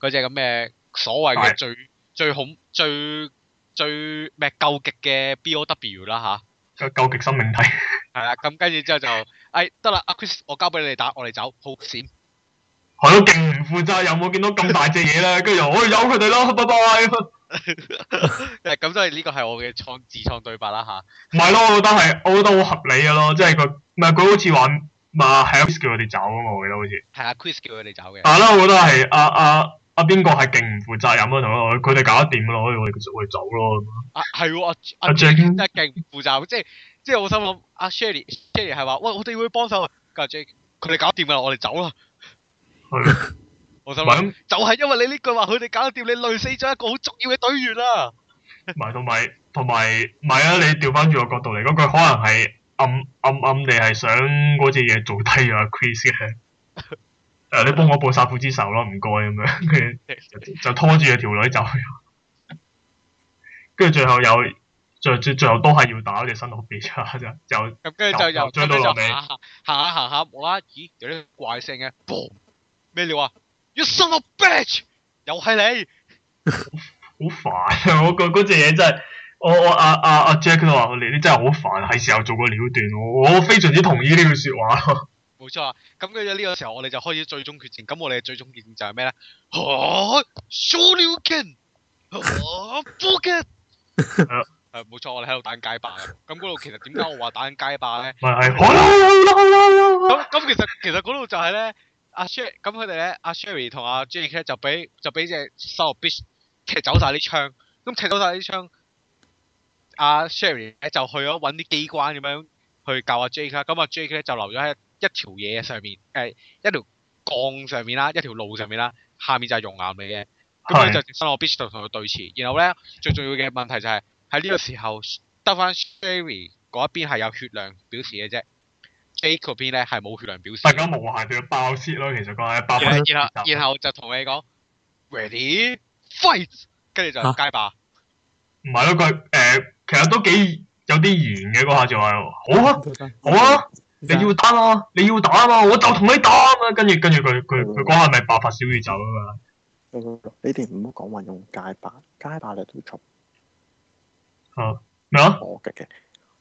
嗰隻咁嘅所謂嘅最、啊、最紅最最咩究極嘅 BOW 啦吓。佢究極生命體。係啦、啊，咁跟住之後就誒得啦，阿、 [laughs] 哎啊、Chris 我交俾你哋打，我哋走，好閃。係都勁唔負責任，冇見到咁大隻嘢咧，跟住又可以由佢哋咯，拜拜。咁即係呢個係我嘅創自創對白啦嚇。唔係咯，我覺得係，我覺得好合理嘅咯，即係佢唔係佢好似話阿 Chris 叫我哋走啊嘛，我記得好似。係阿 Chris 叫佢哋走嘅。係咯，我覺得係阿阿阿邊個係勁唔負責任咯，佢哋搞掂嘅咯，我哋我哋走咯咁。啊，係喎，阿 Jack 真係勁唔負責，即係即係我心諗阿 Sherry Sherry 係話喂，我哋會幫手，阿 Jack 佢哋搞掂嘅啦，我哋走啦。我想問唔係就係因為你呢句話，佢哋搞掂你累死咗一個好重要嘅隊員啦、啊。唔係，同埋同埋唔係啊！你調翻轉個角度嚟，咁佢可能係暗暗暗地係想嗰隻嘢做低咗 Chris 嘅、啊。你幫我報殺父之仇咯，唔該咁樣。跟住就，就拖住佢條女走，跟 [laughs] 住最後又，最最最後都係要打你身奧別叉就咁，跟住就又追落嚟行下行下，無啦咦有啲怪聲嘅、啊，咩料啊？You son of a bitch，又係你，好煩啊！我覺嗰隻嘢真係，我我阿阿阿 Jack 都話你你真係好煩，係時候做個了斷咯。我非常之同意呢句說話。冇錯啊，咁嘅呢個時候我哋就開始最終決戰。咁我哋嘅最終決戰就係咩咧？哈，所料盡，哈，forget。冇錯，我哋喺度打緊街霸！咁嗰度其實點解我話打緊街霸咧？咁咁其實其實嗰度就係咧。阿 Sher 咁佢哋咧，阿、啊、Sherry 同阿、啊、Jake 就俾就俾隻失落 Bish 踢走晒啲槍，咁、嗯、踢走晒啲槍，阿、啊、Sherry 咧就去咗揾啲機關咁樣去救阿、啊、Jake、啊咁阿 Jake 咧就留咗喺一,一條嘢上面，誒一條鋼上面啦，一條路上面啦，下面就係熔岩嚟嘅，咁佢就失落 Bish 同佢對峙，然後咧最重要嘅問題就係喺呢個時候得翻 Sherry 嗰一邊係有血量表示嘅啫。A 嗰邊咧係冇血量表示，大家無限要爆切咯，其實佢係爆發小宇宙。然後然後就同你講，Ready, fight，跟住就街霸。唔係咯，佢誒、呃，其實都幾有啲懸嘅嗰下就係，好啊，好啊，嗯嗯嗯、你要打啊，你要打啊，我就同你打啊，跟住跟住佢佢佢講係咪爆發小宇宙啊嘛？你哋唔好講話用街霸，街霸就都要吸。咩、嗯、啊？我嘅嘅。嗯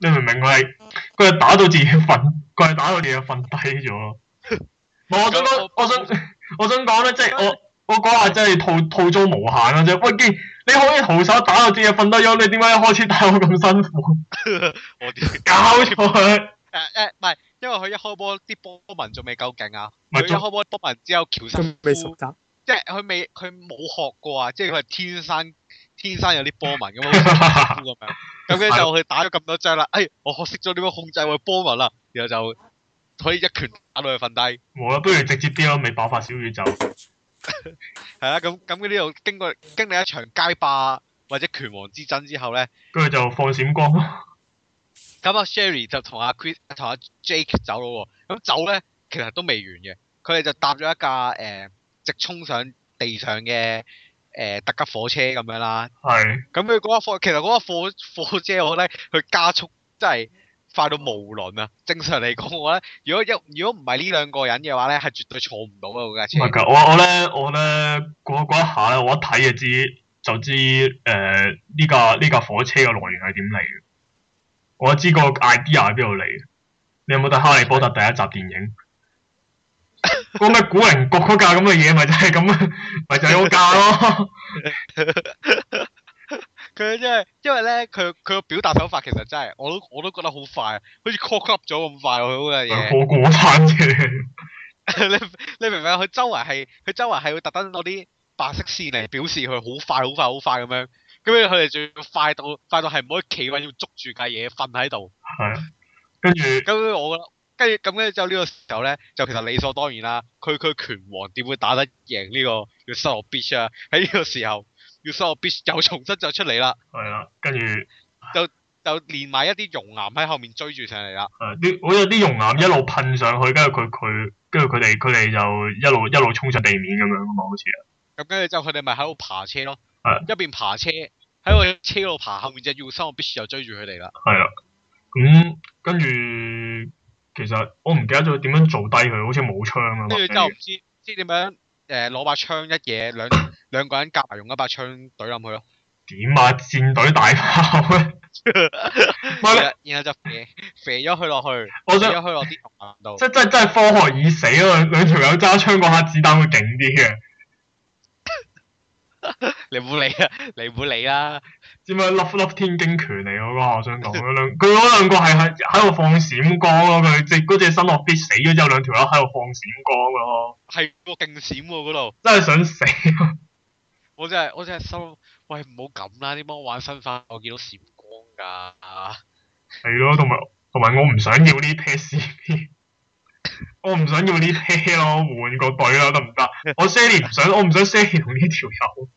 你明唔明？我係，佢係打到自己瞓，佢係打到自己瞓低咗。唔， [laughs] 我想講，我想，我想講咧，即係我，我講話真係吐吐槽無限嘅啫。喂，見你可以徒手打到自己瞓低咗，你點解一開始打我咁辛苦？我哋搞錯佢。誒誒、 [laughs] 啊，唔、啊、係，因為佢一開波啲波文仲未夠勁啊。佢麼一開波波文只有橋山未熟習，即係佢未，佢冇學過啊，即係佢係天生。天生有啲波紋咁樣，咁樣就去打咗咁多針啦。哎，我學識咗點樣控制我波紋啦，然後就可以一拳打落去瞓低。冇啦，不如直接啲咯，未爆發小宇宙。係啦，咁咁呢度經過經歷一場街霸或者拳王之爭之後咧，佢哋就放閃光。咁阿 Sherry 就同阿 Chris 同阿 Jake 走咯喎，咁走咧其實都未完嘅，佢哋就搭咗一架誒，直衝上地上嘅。誒、呃，特急火車咁樣啦，係是，咁佢嗰架火，其實嗰架火火車我咧，佢加速真係快到無論啊！正常嚟講，我咧，如果一如果唔係呢兩個人嘅話咧，係絕對坐唔到啊！嗰、那、架、個、車唔係噶，我我咧，我咧，嗰嗰一下咧，我一睇就知，就知誒，呢、呃、架呢架火車嘅來源係點嚟嘅，我知個 idea 喺邊度嚟嘅。你有冇睇《哈利波特》第一集電影？嗰咩 [laughs] 古靈國嗰架咁嘅嘢，咪就係咁，咪就係嗰架咯。佢真係，因為咧，佢佢個表達手法其實真係，我都我都覺得好快，好似 cock up 咗咁快嗰種嘅嘢。過過山車你你明唔明？佢周圍係佢周圍係會特登攞啲白色線嚟，表示佢好快好快好快咁樣，咁樣佢哋仲要快到快到係唔可以企穩，要捉住架嘢瞓喺度。係。跟住。跟住我覺得。跟住咁咧，就呢個時候咧，就其實理所當然啦。佢佢拳王點會打得贏呢個要生我 bitch 啊？喺呢個時候，要生我 bitch 又重新就出嚟啦。係啊，跟住就就連埋一啲熔岩喺後面追住上嚟啦。係啲我有啲熔岩一路噴上去，跟住佢佢跟住佢哋佢哋就一路一路衝上地面咁樣啊嘛，好似咁，跟住就佢哋咪喺度爬車咯。一邊爬車喺車度爬，後面就要生我 bitch 又追住佢哋啦。係啊，咁跟住。其實我唔記得咗點樣做低佢，好似冇槍咁。跟住就唔知知點樣誒，攞把槍一嘢兩兩個人夾埋用一把槍懟入去咯。點啊？戰隊大炮！然後就肥咗佢落去，肥咗去落啲同難度。即係真係科學已死咯！兩兩條友揸槍嗰下，子彈會勁啲嘅。 [laughs] 你唔好理，理啊，你唔好理啊，知咪粒粒天經拳嚟嗰個，我想講兩，佢嗰兩個係係喺度放閃光咯，佢隻嗰隻新落必死咗之後，兩條友喺度放閃光咯。係喎，勁閃喎嗰度。真係想死。我真係我真係心，喂唔好咁啦，你幫我玩新花，我見到閃光噶。係 [laughs] 咯，同埋同埋我唔想要呢批 C P。我唔想要呢車，我換個隊啦，得唔得？我 Sally 唔想，我唔想 Sally 同呢條友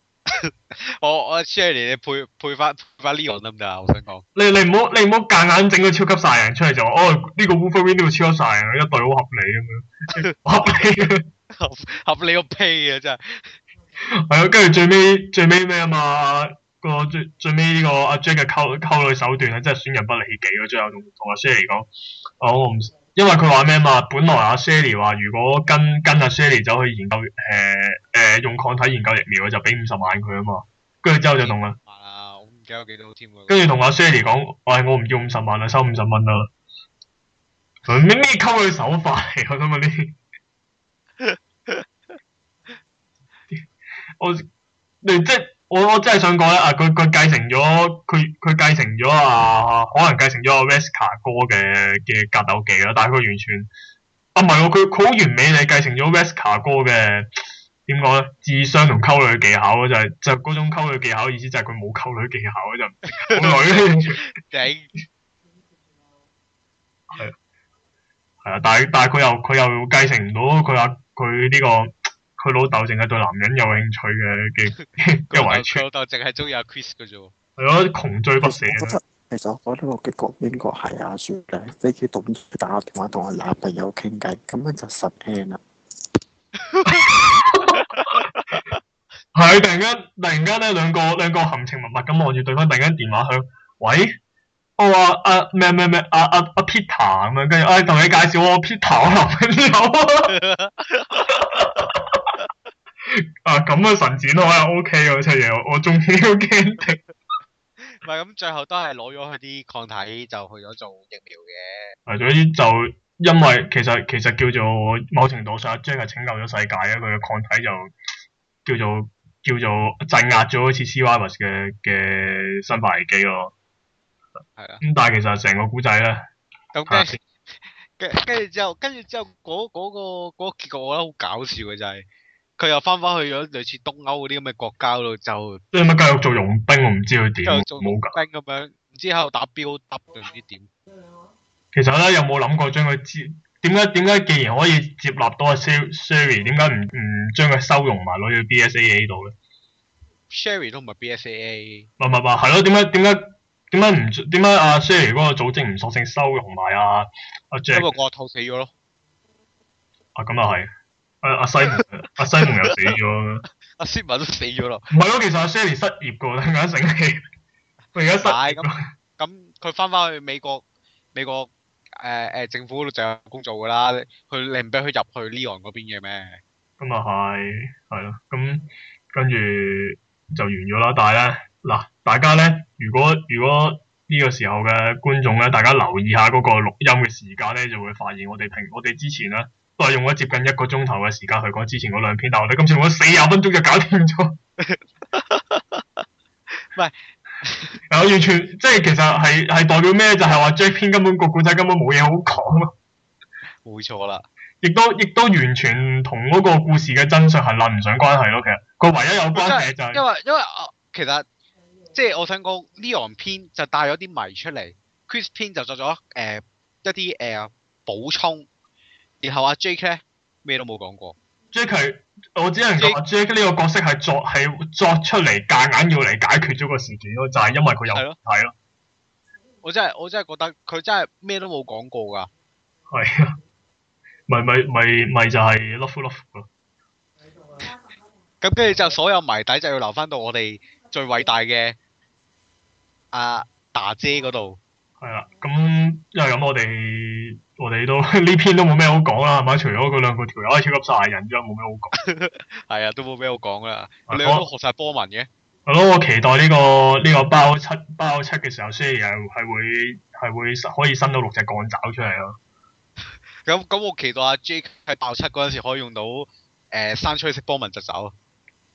[laughs] 我我 Sally 你配配翻配翻 Leon 得唔得啊？我想講，你你唔好你唔好夾硬整個超級晒人出嚟就哦呢、這個 Wolverine 呢個超級晒人，一隊好合理咁樣，合、嗯、合理個屁啊真係。係 [laughs] 啊，跟住 [laughs] [laughs] 最尾最尾咩啊嘛？個最最尾呢個阿 Jack 嘅溝溝女手段咧，真係損人不利己啊！最後同阿 Sally 講，我唔。因為佢話咩嘛，本來阿 Shirley 話如果跟跟阿 Shirley 走去研究，誒、呃、誒、呃、用抗體研究疫苗，佢就俾五十萬佢啊嘛，跟住之後就同啦。啊， [laughs] [laughs] 我唔記得幾多添啦。跟住同阿 Shirley 講，喂，我唔要五十萬啦，收五十蚊啦。咪咪溝佢手法我噶，真係啲。我你即。我我真係想講咧，啊佢佢繼承咗佢佢繼承咗啊，可能繼承咗阿 Vesca 哥嘅嘅格鬥技啦，但係佢完全啊唔係喎，佢好、啊、完美地繼承咗 Vesca 哥嘅點講咧，智商同溝女技巧咯，就係、是、就嗰、是、種溝女技巧，意思就係佢冇溝女技巧嗰陣，勁係啊係啊，但係但係佢又佢又繼承唔到佢話佢呢個。佢老豆淨係對男人有興趣嘅嘅一圍圈。老豆淨係中意阿 Chris 嘅啫喎。係咯，窮追不捨 [laughs] [laughs] 其實我呢個結局應該係阿雪咧。飛機到邊打電話同我男朋友傾偈，咁樣就實聽啦。係突然間，突然間咧兩個兩個含情脈脈咁望住對方，突然間電話響。喂，我話阿咩咩咩阿阿阿 Peter 咁樣啊，跟住誒同你介紹我 Peter 男朋友。 [laughs] 啊咁嘅神展我係 O K 嘅，齊爺我我仲要驚啲，唔係咁最後都係攞咗佢啲抗體就去咗做疫苗嘅、啊。係，總之就因為其實其實叫做某程度上阿 Jack 係拯救咗世界啊，佢嘅抗體就叫做叫做鎮壓咗好似 C virus 嘅嘅生化危機咯。係啊。咁、嗯、但係其實成個古仔咧，跟跟住之後跟住之後嗰嗰、嗰個、嗰個嗰個結果我覺得好搞笑嘅就係、是。佢又翻翻去咗類似東歐嗰啲咁嘅國家度就，即係乜繼續做傭兵，我唔知佢點，冇噶，咁樣，唔知喺度打鏢，唔知點。其實咧有冇諗過將佢知？點解點解既然可以接納到阿 Sherry，點解唔唔將佢收容埋落去 BSAA 度咧？Sherry 都唔係 BSAA。唔唔唔，係咯？點解點解點解唔點解阿 Sherry 嗰個組織唔索性收容埋阿阿 Jack？因為個頭死咗咯。啊，咁又係。阿、啊、西蒙阿、 [laughs] 啊、西蒙又死咗，阿、 [laughs] 啊、斯文都死咗咯。唔係咯，其實阿 Shirley 失業個，突然醒起，佢而家大咁，咁佢翻翻去美國美國誒誒政府就有工做噶啦。佢你唔俾佢入去 Leon 嗰邊嘅咩？咁啊係係咯，咁跟住就完咗啦。但係咧嗱，大家咧如果如果呢個時候嘅觀眾咧，大家留意下嗰個錄音嘅時間咧，就會發現我哋平我哋之前咧。我用咗接近一個鐘頭嘅時間去講之前嗰兩篇，但我哋今次用咗四十分鐘就搞掂咗。唔，我完全即係其實係係代表咩？就係、係、話 Jack 篇，根本個故仔根本冇嘢好講咯錯。冇錯啦，亦都亦都完全同嗰個故事嘅真相係立唔上關係咯。其實個唯一有關嘅就係因為因為，因為、呃、其實即係我想講 Leon 篇，就帶咗啲謎出嚟，Chris 篇，就作咗誒一啲誒補充。然後阿 Jake 咧，咩都冇講過 Jake，我只能夠話 Jake 呢個角色係作係作出嚟夾硬要嚟解決咗個事件咯，就係、是、因為佢有謎底咯。我真係我真係覺得佢真係咩都冇講過噶。係啊是的，咪咪咪咪就係碌副碌副咯。咁跟住就所有謎底就要留翻到我哋最偉大嘅阿達姐嗰度。係啦，咁因為咁我哋。我哋都呢篇都冇咩好講啦，係、嗯、嘛？除咗佢兩個條友係超級殺人，忍咗，冇咩好講。係啊，都冇咩好講啦。你都冇學晒波紋嘅？係咯，我期待呢、這個呢、這個爆七爆七嘅時候，雖然又係會係會可以伸到六隻鋼爪出嚟咯。咁咁、嗯嗯嗯，我期待阿 Jake 喺爆七嗰陣時，可以用到誒山吹色波紋疾走。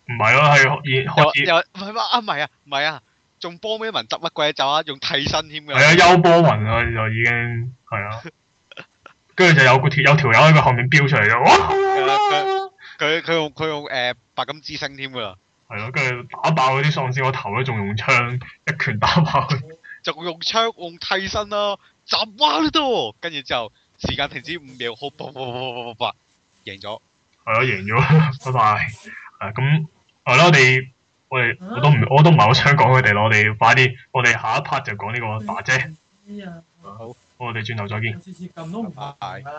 唔係啊，係學學學啊，唔係啊，唔係啊，仲、啊、波咩紋執乜鬼走啊？用替身添嘅。係啊，優波紋啊，就已經係啊。 [laughs] [laughs] [laughs] 跟住就有個條有條友喺佢後面飈出嚟咗，佢佢用佢用誒白金之星添噶啦，係咯，跟住打爆嗰啲喪屍個頭咧，仲用槍一拳打爆佢，就用槍用替身啦，集哇呢度，跟住之後時間停止五秒，好，哇哇贏咗，係啊，贏咗，拜拜，咁係咯，我哋我哋我都唔我都唔係好想講佢哋咯，我哋快啲，我哋下一 part 就講呢個大姐，好。我哋轉頭再見。拜拜拜拜。